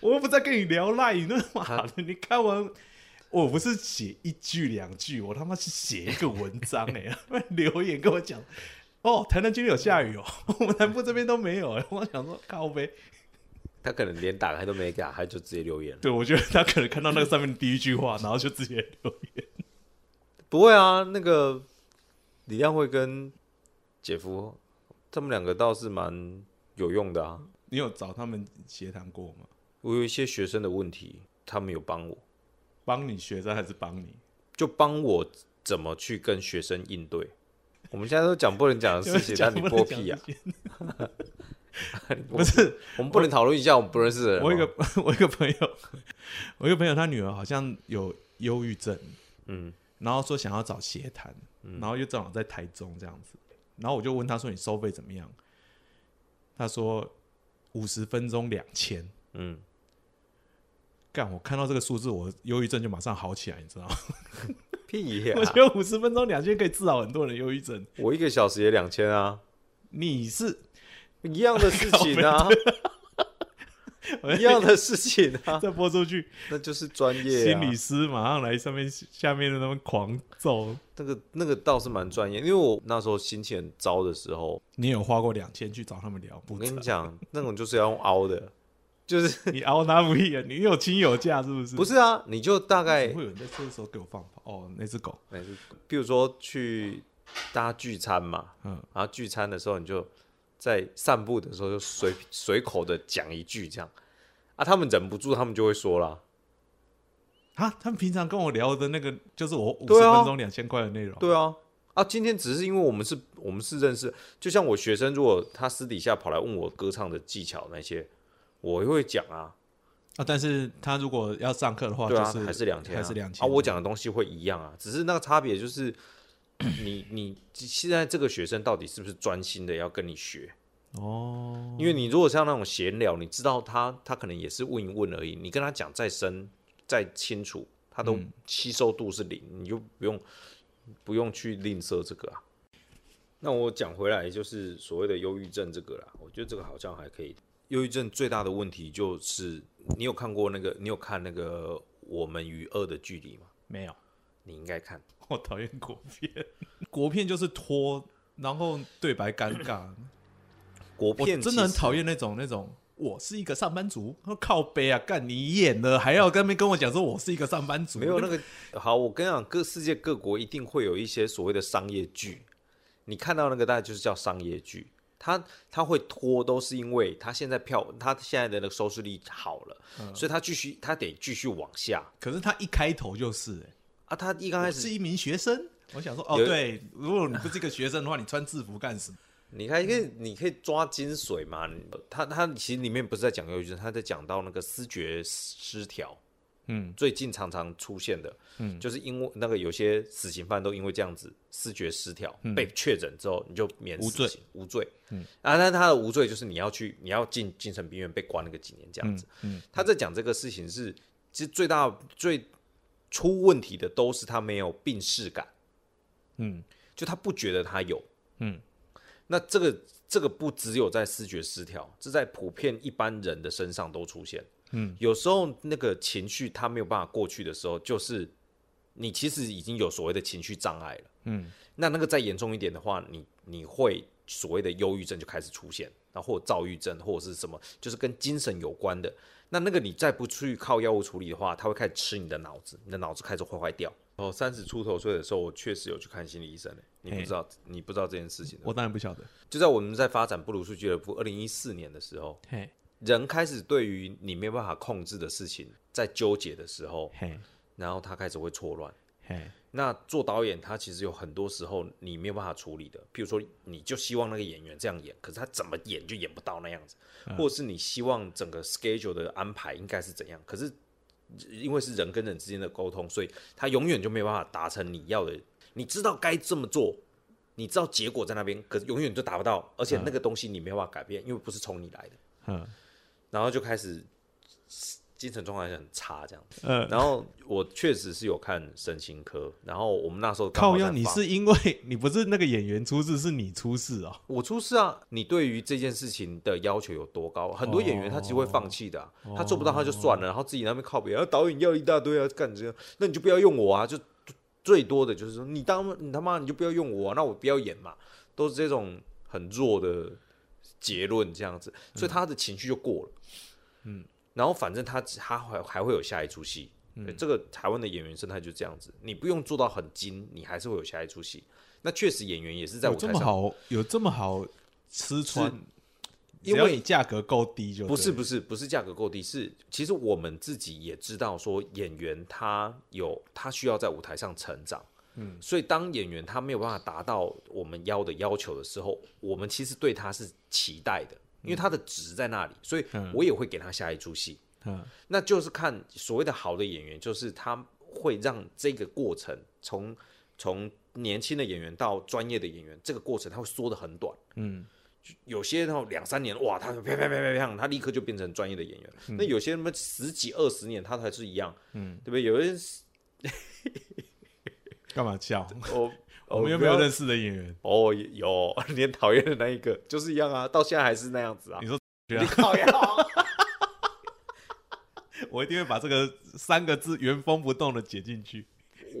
我又不在跟你聊賴，你那媽的！蛤你看完，我不是寫一句兩句，我他媽是寫一個文章哎、欸。 留言跟我講，哦，台南今天有下雨哦，我們南部這邊都沒有哎、欸。我想說靠，靠北。他可能連打開都沒打開 還就直接留言了。對，我覺得他可能看到那個上面第一句話， 然後就直接留言。不會啊，那個李亮會跟姐夫他們兩個倒是蠻有用的啊。你有找他們協談過嗎？我有一些學生的問題，他們有幫我，幫你學生還是幫你？就幫我怎麼去跟學生應對？我們現在都講不能講的事情，但 你破屁啊！ 不是， 我們不能討論一下我們不認識的人我。我一個我一個朋友，我一個朋友他女兒好像有憂鬱症，嗯，然後說想要找協談，然後又正好在台中這樣子，然後我就問他說你收費怎麼樣？他說五十分鐘兩千，嗯。幹，我看到這個數字，我憂鬱症就馬上好起來，你知道嗎？ 屁呀下！我覺得五十分鐘兩千可以治好很多人憂鬱症，我一個小時也兩千啊，你是一樣的事情啊， 一樣的事情啊。再播出去， 那就是專業、啊、心理師馬上來上面下面的那麼狂揍，那個那個倒是蠻專業，因為我那時候心情很糟的時候，你有花過兩千去找他們聊？不，我跟你講，那種就是要用凹的。 就是你熬那啊，你有親友價是不是？不是啊，你就大概。會有人在車的時候給我放吧。哦，那只狗，那只狗。比如說去大家聚餐嘛，嗯，然後聚餐的時候，你就在散步的時候就隨隨口的講一句這樣，啊，他們忍不住，他們就會說啦。他們平常跟我聊的那個，就是我五十分鐘兩千塊的內容對啊。對啊，啊，今天只是因為我們是，我們是認識。就像我學生，如果他私底下跑來問我歌唱的技巧那些。我會講啊，啊，但是他如果要上課的話，就是、對啊、還是兩千、啊、還是兩千、啊。啊。我講的東西會一樣啊，只是那個差別就是，嗯、你你現在這個學生到底是不是專心的要跟你學哦？因為你如果像那種閒聊，你知道他他可能也是問一問而已，你跟他講再深再清楚，他都吸收度是零、嗯，你就不用不用去吝嗇這個啊。那我講回來就是所謂的憂鬱症這個啦，我覺得這個好像還可以。憂鬱症最大的問題就是，你有看過那個？你有看那個《我們與惡的距離》嗎？沒有，你應該看。我討厭國片， 國片就是拖，然後對白尷尬。國片我真的很討厭那種那種。我是一個上班族，靠北啊，幹你演了，還要跟麵跟我講說我是一個上班族。沒有那個好，我跟你講，各世界各國一定會有一些所謂的商業劇， 你看到那個大概就是叫商業劇。他他會拖，都是因為他現在票，他現在的那個收視率好了，嗯、所以他繼續他得繼續往下。可是他一開頭就是啊，他一剛開始是一名學生，我想說有哦，對，如果你不是一個學生的話， 你穿制服幹什麼？你看，因為你可以抓精髓嘛。他他其實裡面不是在講憂鬱症，他在講到那個思覺失調。嗯，最近常常出現的，嗯，就是因為那個有些死刑犯，都因為這樣子思覺失調，嗯、被確診之後，你就免死刑，無罪無罪，無罪、無罪嗯啊，但他的無罪就是你要去你要進精神病院被關了個幾年這樣子，嗯，嗯他在講這個事情是，其實最大最出問題的都是他沒有病識感，嗯，就他不覺得他有，嗯，那這個這個不只有在思覺失調，這在普遍一般人的身上都出現。嗯，有時候那個情緒它沒有辦法過去的時候，就是你其實已經有所謂的情緒障礙了。嗯，那那個再嚴重一點的話你，你你會所謂的憂鬱症就開始出現，然後或躁鬱症或者是什麼，就是跟精神有關的。那那個你再不去靠藥物處理的話，它會開始吃你的腦子，你的腦子開始壞壞掉。哦，三十出頭歲的時候，我確實有去看心理醫生的，欸。你不知道，嘿你不知道這件事情有沒有。我當然不曉得。就在我們在發展布魯斯俱樂部二零一四年的時候，嘿。人開始對於你沒有辦法控制的事情在糾結的時候，然後他開始會錯亂。嘿那做導演，他其實有很多時候你沒有辦法處理的。譬如說，你就希望那個演員這樣演，可是他怎麼演就演不到那樣子；嗯、或是你希望整個 schedule 的安排應該是怎樣，可是因為是人跟人之間的溝通，所以他永遠就沒有辦法達成你要的。你知道該這麼做，你知道結果在那邊，可是永遠就達不到，而且那個東西你沒辦法改變，嗯、因為不是從你來的。嗯然後就開始精神狀態也很差，這樣。嗯，然後我確實是有看身心科。然後我們那時候靠邊，你是因為你不是那個演員出事，是你出事啊！我出事啊！你對於這件事情的要求有多高？很多演員他其實會放棄的，啊，他做不到他就算了，然後自己那邊靠別人，然後導演要一大堆啊，幹這個，那你就不要用我啊！就最多的就是說你當你他媽你就不要用我，啊，那我不要演嘛，都是這種很弱的。結論這樣子，所以他的情緒就過了，嗯，然後反正他他還還會有下一齣戲。嗯，這個台灣的演員生態就這樣子，你不用做到很精，你還是會有下一齣戲。那確實演員也是在舞台上，有這麼好，有這麼好吃穿，因為價格夠低，就不是不是不是價格夠低，是其實我們自己也知道說，演員他有他需要在舞台上成長。嗯，所以當演員他沒有辦法達到我們要的要求的時候，我們其實對他是期待的，因為他的值在那裡，所以我也會給他下一齣戲。嗯，那就是看所謂的好的演員，就是他會讓這個過程從從年輕的演員到專業的演員，這個過程他會縮得很短。嗯，有些然後兩三年，哇，他就啪啪啪啪啪，他立刻就變成專業的演員。嗯，那有些什麼十幾二十年，他才是一樣，嗯，對不對？有人。 幹嘛叫、喔、笑？我我們又沒有認識的演員哦、喔，有你討厭的那一個就是一樣啊，到現在還是那樣子啊。你說 X X、啊、你討厭， 我一定會把這個三個字原封不動的寫進去。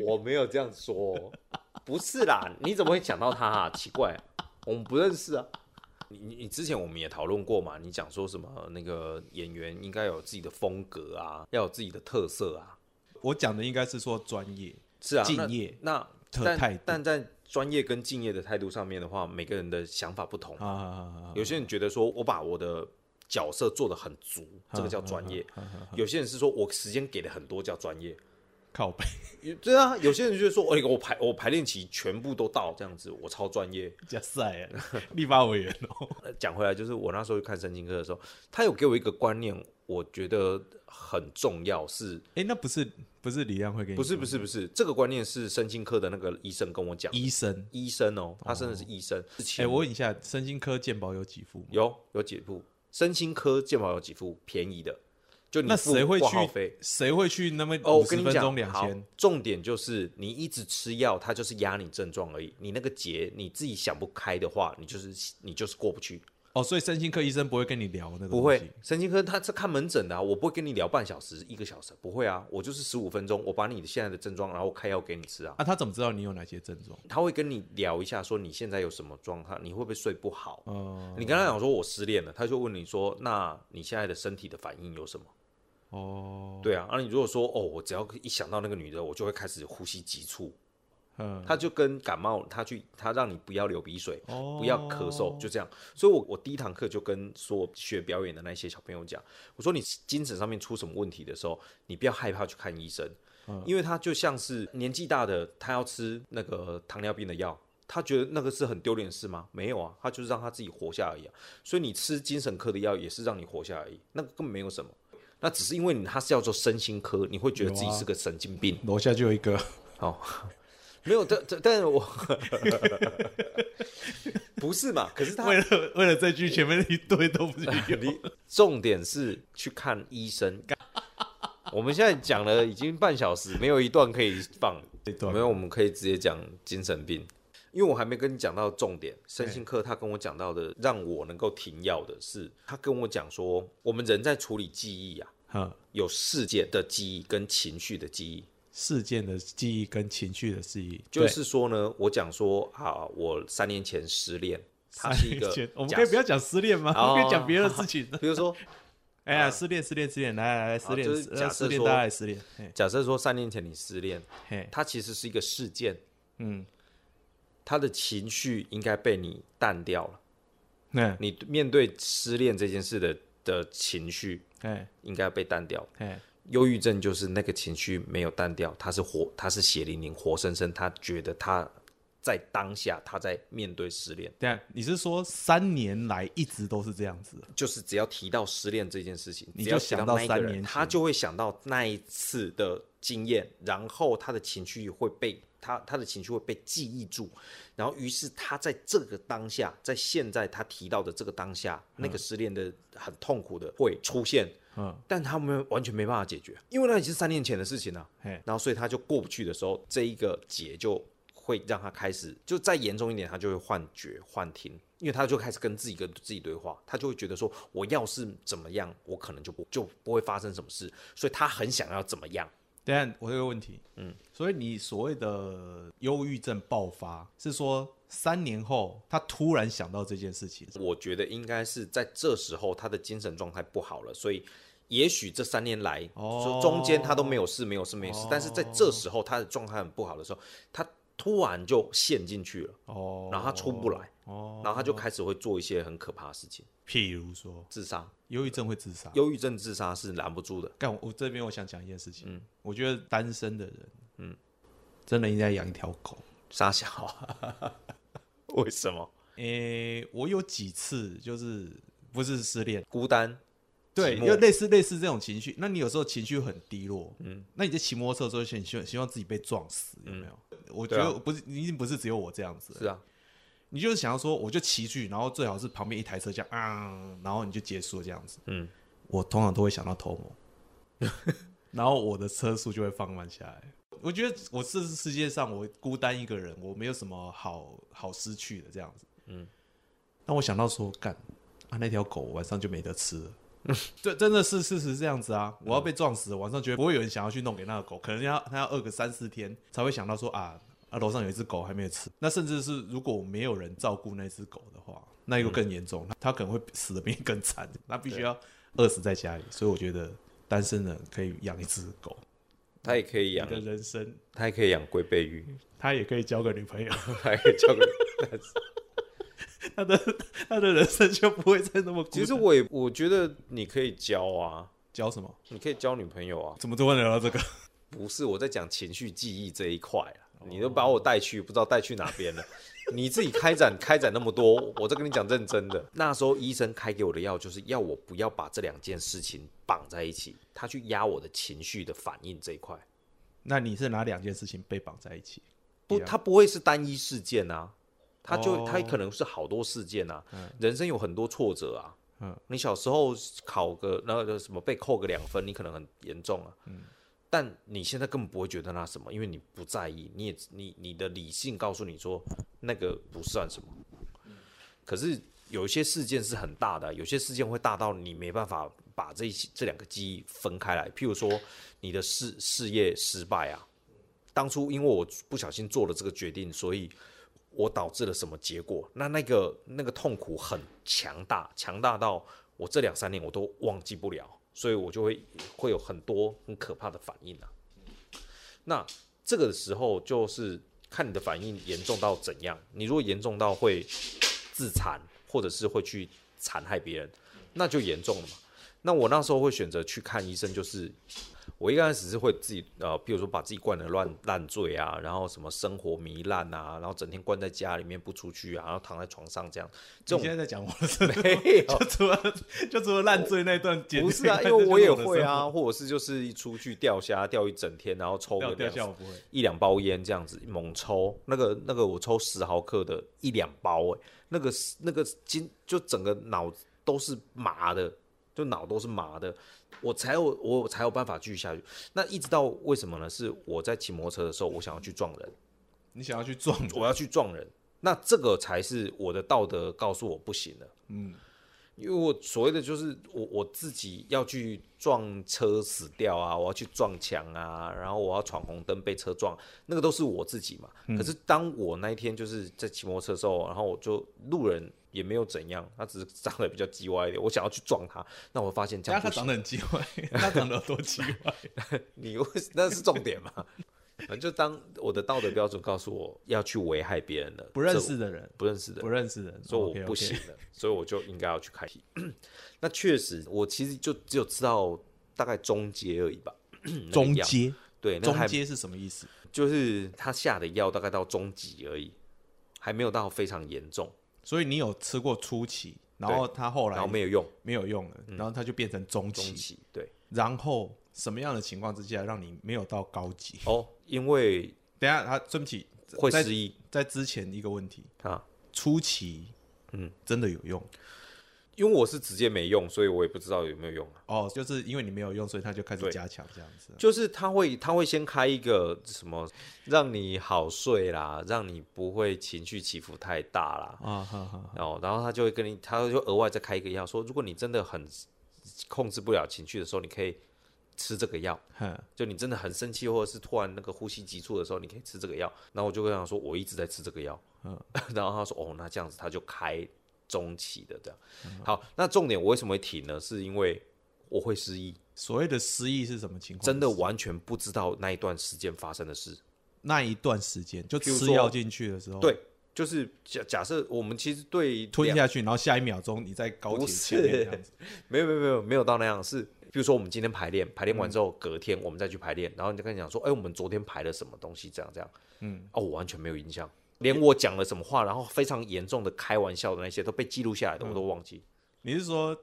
我沒有這樣說，不是啦，你怎麼會講到他啊？ 奇怪，我們不認識啊。你你你之前我們也討論過嘛？你講說什麼那個演員應該有自己的風格啊，要有自己的特色啊。我講的應該是說專業。是啊，敬業那，那但但在專業跟敬業的態度上面的話，每個人的想法不同、嗯、有些人覺得說我把我的角色做得很足，嗯、這個叫專業；嗯、有些人是說我時間給的很多叫專業。靠背， 對啊，有些人就說、欸，我排我排練期全部都到這樣子，我超專業，加賽立法委員哦。講、 喔、回來，就是我那時候看身心科的時候，他有給我一個觀念，我覺得很重要是，是哎、欸，那不是不是李亮會給你，不是不是不是這個觀念是身心科的那個醫生跟我講，醫生醫生哦、喔，他真的是醫生。哎、哦欸，我問一下，身心科，科健保有幾副？有有幾副？身心科健保有幾副便宜的？就你那誰會去？誰會去那麼？哦，我跟你講，好，重點就是你一直吃藥，它就是壓你症狀而已。你那個結，你自己想不開的話，你就是你就是過不去。哦，所以身心科醫生不會跟你聊那個東西。不會，身心科他是看門診的啊，我不會跟你聊半小時、一個小時，不會啊，我就是十五分鐘，我把你現在的症狀，然後開藥給你吃啊。啊，他怎麼知道你有哪些症狀？他會跟你聊一下，說你現在有什麼狀況，你會不會睡不好？哦。你跟他講說我失戀了，他就問你說，那你現在的身體的反應有什麼？哦，對啊，啊你如果說哦，我只要一想到那個女的，我就會開始呼吸急促。嗯、他就跟感冒，他去他讓你不要流鼻水，哦、不要咳嗽，就這樣。所以我，我我第一堂課就跟所有學表演的那些小朋友講，我說你精神上面出什麼問題的時候，你不要害怕去看醫生，嗯、因為他就像是年紀大的，他要吃那個糖尿病的藥，他覺得那個是很丟臉的事嗎？沒有啊，他就是讓他自己活下而已、啊。所以你吃精神科的藥也是讓你活下而已，那個根本沒有什麼，那只是因為你他是要做身心科，你會覺得自己是個神經病。啊、樓下就有一個哦。 沒有，但但是我 不是嘛？可是他為了為了再去前面一堆都不是、呃。重點是去看醫生。 我們現在講了已經半小時，沒有一段可以放 一段，沒有，我們可以直接講精神病，因為我還沒跟你講到重點。身心科他跟我講到的，讓我能夠停藥的是，他跟我講說，我們人在處理記憶啊，哈有事件的記憶跟情緒的記憶。事件的記憶跟情緒的記憶，就是說呢，我講說啊，我三年前失戀，它是一個我們可以不要講失戀嗎？可以講別的事情，比如說，哎呀，失戀，失戀，失戀，來來來，失戀，假設失戀、戀愛、失戀。假設說三年前你失戀，嘿，它其實是一個事件，嗯，他的情緒應該被你淡掉了，那你面對失戀這件事的的情緒，哎，應該被淡掉，哎。憂鬱症就是那個情緒沒有淡掉，他是活，他是血淋淋、活生生，他覺得他在當下，他在面對失戀。對，你是說三年來一直都是這樣子，就是只要提到失戀這件事情，你就想到三年，嗯、他就會想到那一次的經驗，然後他的情緒會被他，他的情緒會被記憶住，然後於是他在這個當下，在現在他提到的這個當下，嗯、那個失戀的很痛苦的會出現、嗯。嗯，但他們完全沒辦法解決，因為那已經是三年前的事情了。嘿然後，所以他就過不去的時候，這一個結就會讓他開始就再嚴重一點，他就會幻覺、幻聽，因為他就開始跟自己跟自己對話，他就會覺得說我要是怎麼樣，我可能就不就不會發生什麼事，所以他很想要怎麼樣。等下我有個問題，嗯，所以你所謂的憂鬱症爆發，是說三年後他突然想到這件事情，我覺得應該是在這時候他的精神狀態不好了，所以。也許這三年來，哦，中間他都沒有事，沒有事，沒有事。但是在這時候，他的狀態很不好的時候，他突然就陷進去了，哦，然後他出不來，哦，然後他就開始會做一些很可怕的事情，譬如說自殺，憂鬱症會自殺，憂鬱症自殺是攔不住的。但我這邊我想講一件事情，嗯，我覺得單身的人，嗯，真的應該養一條狗，傻小，為什麼？誒，我有幾次就是不是失戀，孤單。對，末又類似類似這種情緒。那你有時候情緒很低落，嗯，那你在騎摩托車的時候，你希望希望自己被撞死，有沒有？嗯、我覺得不是，一定、啊、不是只有我這樣子、欸。是啊，你就是想要說，我就騎去，然後最好是旁邊一台車這樣，啊、嗯，然後你就結束了這樣子。嗯，我通常都會想到頭摸，然後我的車速就會放慢下來。我覺得我這世界上我孤單一個人，我沒有什麼好好失去的這樣子。嗯，那我想到說，幹啊，那條狗晚上就沒得吃了。 對，真的是事實是這樣子啊！我要被撞死，晚上絕對不會有人想要去弄給那個狗，可能要他要餓個三四天才會想到說啊，啊樓上有一只狗還沒有吃。那甚至是如果沒有人照顧那只狗的話，那又更嚴重，他、嗯、可能會死的比你更慘。那必須要餓死在家裡，對所以我覺得單身的可以養一只狗，他也可以養的人生，他也可以養龜背魚，他也可以交個女朋友，還可以交個男朋友。 他的他的人生就不會再那麼。其實我也我覺得你可以交啊，交什麼？你可以交女朋友啊。怎麼突然聊到這個？不是我在講情緒記憶這一塊、啊 oh. 你都把我帶去不知道帶去哪邊了。Oh. 你自己開展 開展那麼多，我在跟你講認真的。 那時候醫生開給我的藥就是要我不要把這兩件事情綁在一起，他去壓我的情緒的反應這一塊。那你是哪兩件事情被綁在一起？不，他不會是單一事件啊。他就他可能是好多事件吶、啊，哦嗯、人生有很多挫折啊。嗯、你小時候考個那個什麼被扣個兩分，你可能很嚴重啊。嗯、但你現在根本不會覺得那什麼，因為你不在意，你也你你的理性告訴你說那個不算什麼。可是有一些事件是很大的，有些事件會大到你沒辦法把這一這兩個記憶分開來。譬如說你的事事業失敗啊，當初因為我不小心做了這個決定，所以。我導致了什麼結果？那那個那個痛苦很強大，強大到我這兩三年我都忘記不了，所以我就會會有很多很可怕的反應啊。那這個時候就是看你的反應嚴重到怎樣？你如果嚴重到會自殘，或者是會去殘害別人，那就嚴重了嘛。那我那時候會選擇去看醫生，就是。我一開始是會自己呃，譬如說把自己灌得亂爛醉啊，然後什麼生活糜爛啊，然後整天關在家裡面不出去啊，然後躺在床上這樣。就我你現在在講我的時候？沒有，就除了就除了爛醉那段？不是啊，因為我也會啊，或者是就是一出去釣蝦釣一整天，然後抽個兩一兩包煙這樣子，猛抽那個那個我抽十毫克的一兩包哎、欸，那個那個勁就整個腦都是麻的，就腦都是麻的。我才有我才有辦法繼續下去。那一直到為什麼呢？是我在騎摩托車的時候，我想要去撞人。你想要去撞？我要去撞人。那這個才是我的道德告訴我不行了。嗯，因為我所謂的就是我我自己要去撞車死掉啊，我要去撞牆啊，然後我要闖紅燈被車撞，那個都是我自己嘛。嗯，可是當我那一天就是在騎摩托車的時候，然後我就路人。也沒有怎樣，他只是長得比較嘰歪一點。我想要去撞他，那我發現這樣不行。他長得很機歪，他長得有多機歪？ 你那是重點嗎？ 就當我的道德標準告訴我要去危害別人的，不認識的人，不認識的人，不認識的，所以我不行的。Oh, okay, okay. 所以我就應該要去開踢。 那確實，我其實就只有知道大概中階而已吧。 中階階對，那個，中階是什麼意思？就是他下的藥大概到中級而已，還沒有到非常嚴重。所以你有吃過初期，然後他後來沒有用，沒有用了，嗯、然後他就變成中期，中期對。然後什麼樣的情況之下讓你沒有到高級？哦，因為等下他、啊、對不起會失憶，在之前一個問題啊，初期嗯，真的有用。嗯因為我是直接沒用，所以我也不知道有沒有用哦、啊，oh, 就是因為你沒有用，所以他就開始加強這樣子。就是他會，他會先開一個什麼，讓你好睡啦，讓你不會情緒起伏太大啦。哦、oh, oh, oh, oh，然後他就會跟你，他就額外再開一個藥，說如果你真的很控制不了情緒的時候，你可以吃這個藥。Huh. 就你真的很生氣，或者是突然那個呼吸急促的時候，你可以吃這個藥。然後我就跟他說，我一直在吃這個藥。嗯。Huh. 然後他說，哦，那這樣子，他就開。中期的這樣，嗯、好，那重點我為什麼會提呢？是因為我會失憶。所謂的失憶是什麼情況？真的完全不知道那一段時間發生的事。那一段時間就吃藥進去的時候，對，就是假假設我們其實對吞下去，然後下一秒鐘你在搞事，沒有沒有沒有沒有到那樣，是比如說我們今天排練，排練完之後，嗯、隔天我們再去排練，然後你就跟你講說，哎、欸，我們昨天排了什麼東西？這樣這樣，嗯，哦、啊，我完全沒有印象。連我講了什麼話，然後非常嚴重的開玩笑的那些都被記錄下來，我都忘記。嗯、你是說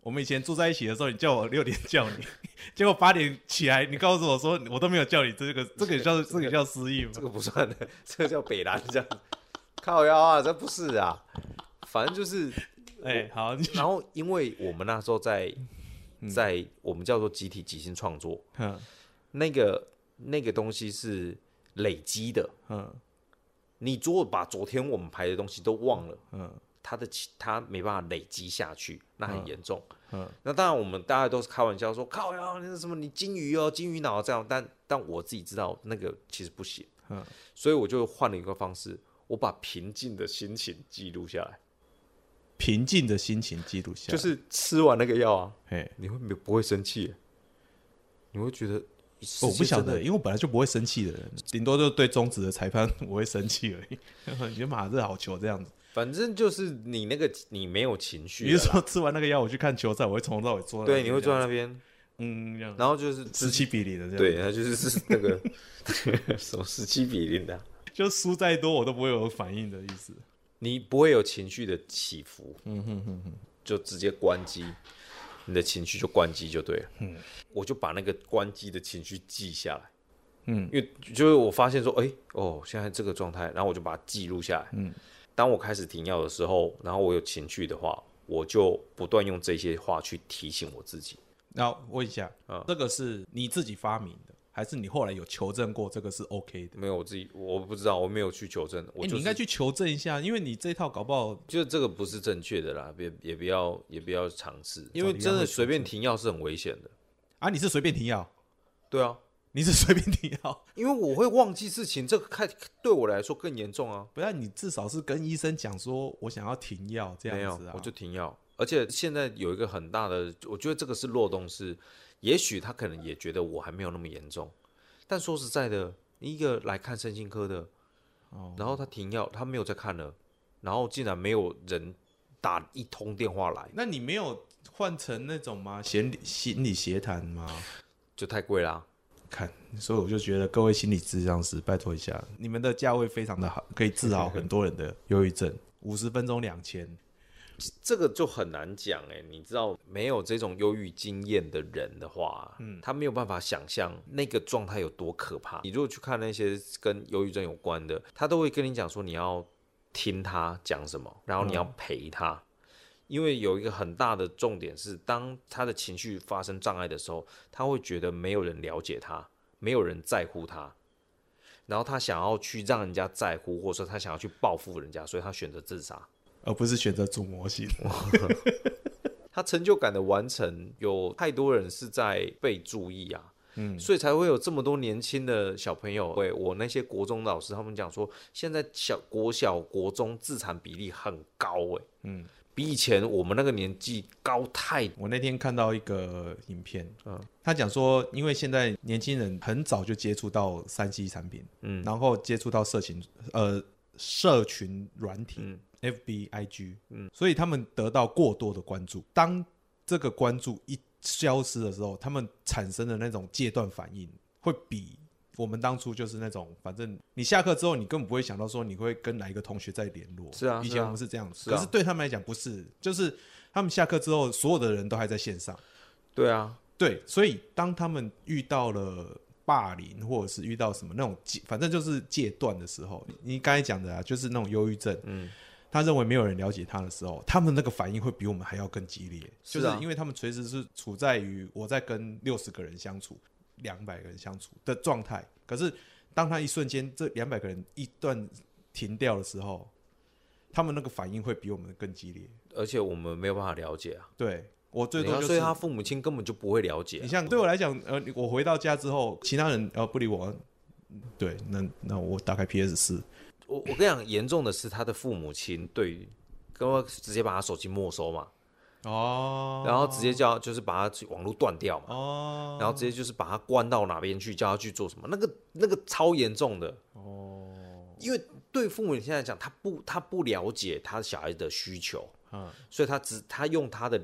我們以前住在一起的時候，你叫我六點叫你， 結果八點起來，你告訴我說 我都沒有叫你，這個，這個也 這個叫這個叫失憶嗎？這個不算的， 這個叫白爛這樣子。 靠腰啊，這不是啊，反正就是哎、欸、好，我 然後因為我們那時候在在我們叫做集體即興創作，嗯，那個那個東西是累積的，嗯。你如果把昨天把我們排的東西都忘了，嗯，他的其他沒辦法累積下去，那很嚴重，嗯，嗯。那當然，我們大家都是開玩笑說靠呀，那個什麼，你金魚哦，金魚腦這樣，但但我自己知道那個其實不行，嗯。所以我就換了一個方式，我把平靜的心情記錄下來，平靜的心情記錄下來，就是吃完那個藥啊，哎，你會沒不會生氣？你會覺得？我、哦、不曉得，因為我本來就不會生氣的人，頂多就是對中止的裁判我會生氣而已。你馬是好球這樣子，反正就是你那個你沒有情緒。比如說吃完那個藥，我去看球賽，我會從頭到尾坐。對，你會坐在那邊，嗯，然後就是十七比零的這樣。對，他就是那個 什麼十七比零的，啊，就輸再多我都不會有反應的意思。你不會有情緒的起伏，嗯哼哼，就直接關機。你的情緒就關機就對了，嗯，我就把那個關機的情緒記下來，嗯，因為就是我發現說，哎、欸，哦，現在這個狀態，然後我就把它記錄下來，嗯，當我開始停藥的時候，然後我有情緒的話，我就不斷用這些話去提醒我自己。然後問一下，嗯，這個是你自己發明的？還是你後來有求證過，這個是 OK 的？沒有，我自己我不知道，我沒有去求證。我就是欸、你應該去求證一下，因為你這一套搞不好，就這個不是正確的啦，別也不要，也不要嘗試，因為真的隨便停藥是很危險的啊！你是隨便停藥？對啊，你是隨便停藥？ 因為我會忘記事情，這個對對我來說更嚴重啊！不然你至少是跟醫生講說，我想要停藥，這樣子啊，我就停藥。而且現在有一個很大的，我覺得這個是漏洞是，也許他可能也覺得我還沒有那麼嚴重，但說實在的，一個來看身心科的，哦，然後他停藥，他沒有再看了，然後竟然沒有人打一通電話來，那你沒有換成那種嗎？心心理協談嗎？就太貴啦！看，所以我就覺得各位心理諮商師，拜托一下，你們的價位非常的好，可以治好很多人的憂鬱症，五十 分鐘兩千。這個就很難講誒，你知道沒有這種憂鬱經驗的人的話，嗯，他沒有辦法想象那個狀態有多可怕。你如果去看那些跟憂鬱症有關的，他都會跟你講說你要聽他講什麼，然後你要陪他，嗯，因為有一個很大的重點是，當他的情緒發生障礙的時候，他會覺得沒有人了解他，沒有人在乎他，然後他想要去讓人家在乎，或者說他想要去報復人家，所以他選擇自殺。而不是選擇做模型，哦、 他成就感的完成有太多人是在被注意啊，嗯，所以才會有這麼多年輕的小朋友，我那些國中老師他們講說，現在小、國小、國中自殘比例很高、欸，嗯，比以前我們那個年紀高太，我那天看到一個影片，嗯，他講說，因為現在年輕人很早就接觸到 3C 產品，嗯，然後接觸到色情，呃。社群軟體，嗯，FB、IG，嗯，所以他們得到過多的關注。當這個關注一消失的時候，他們產生的那種戒斷反應，會比我們當初就是那種，反正你下課之後，你根本不會想到說你會跟哪一個同學在聯絡。是啊，以前我們是這樣子，是啊是啊，可是對他們來講不是，就是他們下課之後，所有的人都還在線上。對啊，對，所以當他們遇到了。霸凌，或者是遇到什麼那種戒，反正就是戒斷的時候。你剛才講的啊，就是那種憂鬱症。嗯，他認為沒有人了解他的時候，他們那個反應會比我們還要更激烈。是啊、就是因為他們隨時是處在於我在跟六十個人相處、兩百個人相處的狀態。可是當他一瞬間這兩百個人一段停掉的時候，他們那個反應會比我們更激烈，而且我們沒有辦法了解啊。對。我最多就是、所以他父母親根本就不會了解了。你像對我來講，呃，我回到家之後，其他人呃不理我，對，那那我打開 PS4。我我跟你講，嚴重的是他的父母親，對，跟我直接把他手機沒收嘛，哦，然後直接叫就是把他網絡斷掉嘛，哦，然後直接就是把他關到哪邊去，叫他去做什麼，那個那個超嚴重的哦，因為對父母親來講，他不他不了解他小孩的需求，嗯，所以他只他用他的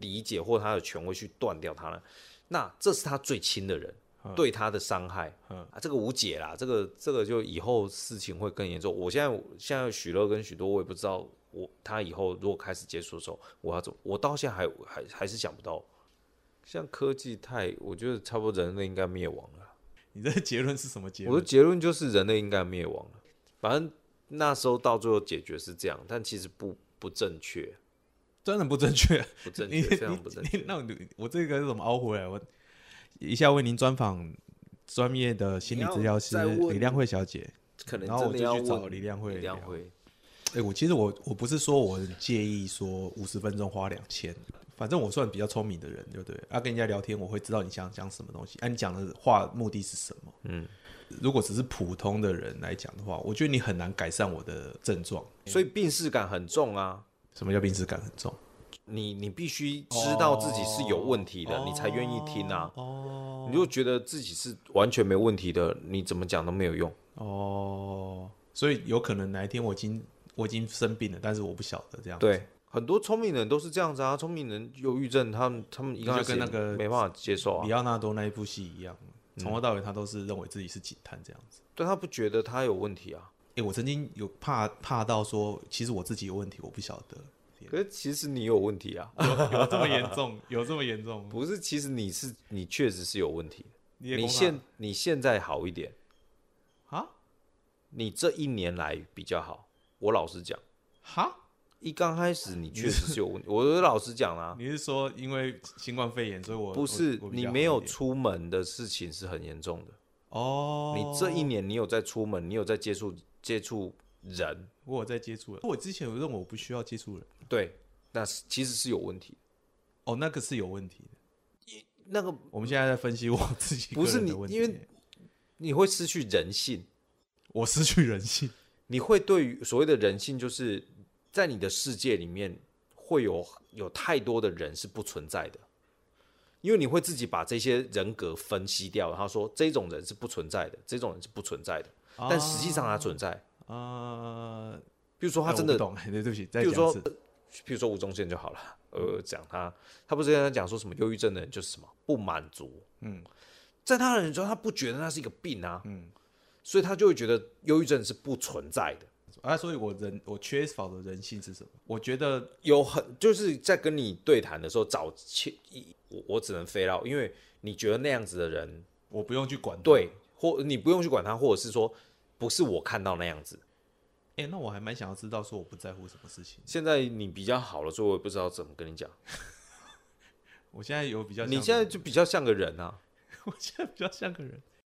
理解或他的權威去斷掉他呢。那這是他最親的人，嗯，對他的傷害，嗯、啊，這個無解啦。這個這個就以後事情會更嚴重。我現在現在許樂跟許多，我也不知道我，我他以後如果開始接觸的時候，我要怎麼？我到現在還還還是想不到。像科技太，我覺得差不多人類應該滅亡了。你的結論是什麼結論？我的結論就是人類應該滅亡了。反正那時候到最後解決是這樣，但其實不不正確。真的不正確， 不正確， 那我，我這個是怎麼凹回來？我一下為您專訪專業的心理治療師李亮慧小姐，可能要然後我就去找李亮慧。亮慧，哎、欸，我其實我我不是說我介意說五十分鐘花兩千，反正我算比較聰明的人，對不對？啊，跟人家聊天，我會知道你想講什麼東西，啊，你講的話目的是什麼？嗯，如果只是普通的人來講的話，我覺得你很難改善我的症狀，嗯、所以病識感很重啊。什麼叫病恥感很重？你你必須知道自己是有問題的，oh, 你才願意聽啊。哦，oh, oh, oh. 你就覺得自己是完全沒問題的，你怎麼講都沒有用。哦，oh, 所以有可能哪一天我已經我已經生病了，但是我不曉得這樣子。對，很多聰明人都是這樣子啊。聰明人憂鬱症，他們他們就跟那個沒辦法接受啊。李奧納多那一部戲一樣，從、嗯、頭到尾他都是認為自己是警探這樣子。對，他不覺得他有問題啊。欸，我曾經有怕怕到說，其實我自己有問題，我不曉得。可是其實你有問題啊。有這麼嚴重？有這麼嚴重？不是，其實你是你確實是有問題。你現你現在好一點啊？你這一年來比較好。我老實講，哈，一剛開始你確實是有問題。我老實講啊。你是說因為新冠肺炎，所以我不是你沒有出門的事情是很嚴重的哦。你這一年你有在出門，你有在接觸，接觸人，我有在接觸人。我之前有認為我不需要接觸人，對，那是其實是有問題。哦，那個是有問題的，那個我們現在在分析我自己問題，不是你，因為你會失去人性。我失去人性，你會對於所謂的人性，就是在你的世界裡面會有有太多的人是不存在的。因為你會自己把這些人格分析掉，然後說這種人是不存在的，這種人是不存在的，啊、但實際上他存在。啊、呃，比如說他真的，嗯、不懂對不起，再講一次。比如說，比如說吳宗憲就好了。呃，講他，他不是跟他講說什麼憂鬱症的人就是什麼不滿足，嗯，在他的人中，他不覺得那是一個病啊，嗯，所以他就會覺得憂鬱症是不存在的。那、啊、所以我，我人我缺少的人性是什麼？我覺得有很就是在跟你對談的時候，早前我我只能飛了，因為你覺得那樣子的人，我不用去管他。對，或你不用去管他，或者是說不是我看到那樣子。哎、欸，那我還蠻想要知道，說我不在乎什麼事情。現在你比較好了，所以我也不知道怎麼跟你講。 我現在有比較，你現在就比較像個人啊！ 我現在比較像個人。